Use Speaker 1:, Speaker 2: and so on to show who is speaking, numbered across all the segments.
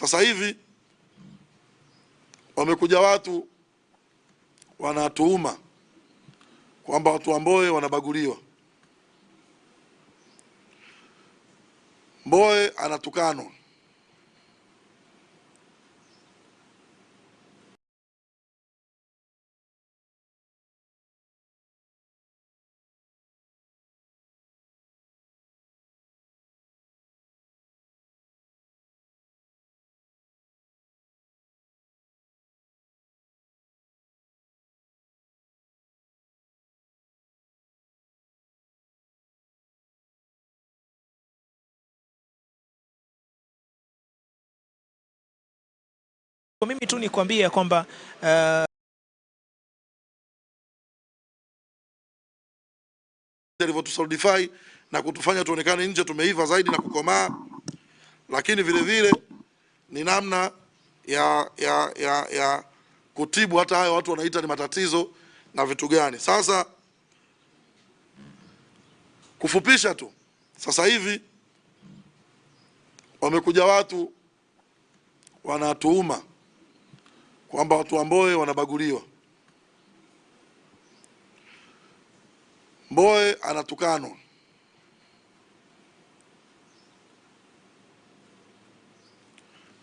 Speaker 1: Sasa hivi wamekuja watu wanatuuma kwamba watu wa Mbowe wanabaguliwa, Mbowe anatukanwa.
Speaker 2: Kwa mimi tu nikwambie ya kwamba uh,
Speaker 1: alivyotusolidify na kutufanya tuonekane nje tumeiva zaidi na kukomaa, lakini vile vile ni namna ya, ya, ya, ya kutibu hata hayo watu wanaita ni matatizo na vitu gani. Sasa kufupisha tu, sasa hivi wamekuja watu wanatuuma kwamba watu wa Mboe wanabaguliwa, Mboe anatukanwa,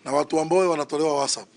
Speaker 1: na watu wa Mboe wanatolewa WhatsApp.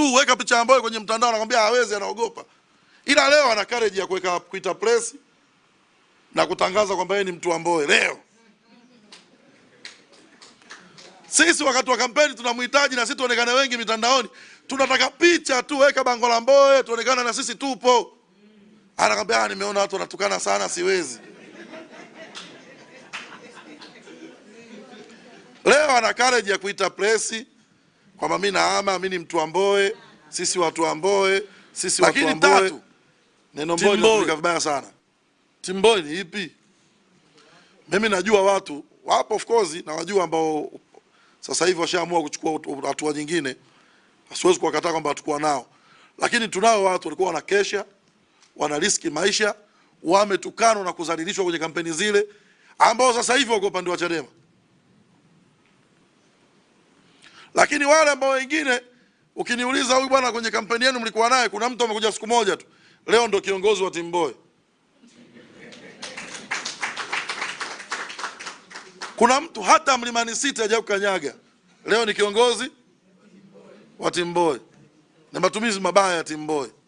Speaker 1: tu weka picha ambayo kwenye mtandao anakwambia hawezi, anaogopa. Ila leo ana courage ya kuweka kuita press na kutangaza kwamba yeye ni mtu wa Mbowe. Leo sisi wakati wa kampeni tunamhitaji, na sisi tuonekane wengi mitandaoni, tunataka picha tu, weka bango la Mbowe, tuonekane na sisi tupo. Anakwambia ah, nimeona watu wanatukana sana, siwezi. Leo ana courage ya kuita press kwamba mimi naama, mimi ni mtu wa Mboe, sisi watu wa Mboe, sisi watu wa Mboe. neno Mboe linatumika vibaya sana. Timboe ni ipi? Mimi najua watu wapo, of course, na wajua ambao sasa hivi washaamua kuchukua hatua nyingine, siwezi kuwakataa kwamba hatukuwa nao, lakini tunao watu walikuwa wanakesha, riski maisha, wametukanwa na kudhalilishwa kwenye kampeni zile, ambao sasa hivi wako upande wa Chadema. Lakini wale ambao wengine ukiniuliza huyu bwana kwenye kampeni yenu mlikuwa naye, kuna mtu amekuja siku moja tu, leo ndo kiongozi wa timu boy. Kuna mtu hata Mlimani City hajawahi kukanyaga, leo ni kiongozi wa timu boy na matumizi mabaya ya timu boy.